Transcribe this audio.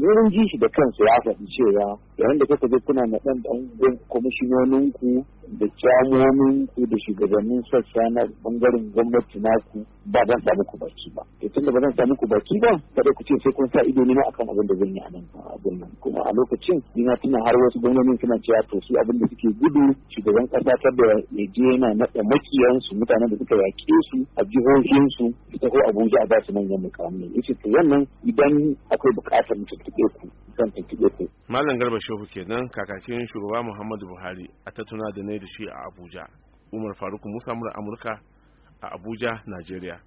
wurin ji shi da kansa ya faɗi cewa yayin da kuka je kuna na ɗan ɗan da kyamuninku da shugabannin sassa na ɓangaren gwamnati naku ba zan ɗan muku baki ba to eh, tunda ba zan sami ku baki ba kada ku ce sai kun sa ido ne akan abin da zan yi a nan abin nan kuma a lokacin ni na tuna har wasu gwamnonin suna cewa to su abin da suke gudu shugaban kasa ta da yaje yana nada makiyansu mutanen da suka yaƙe su a jihohinsu su ko Abuja a ba su manyan mukamai yace to wannan idan akwai buƙatar mu tuntuɓe ku zan tuntuɓe ku Malam Garba Shehu kenan kakakin shugaba Muhammadu Buhari a tattuna da ne da shi a Abuja Umar Faruk Musa Amurka a Abuja, Najeriya.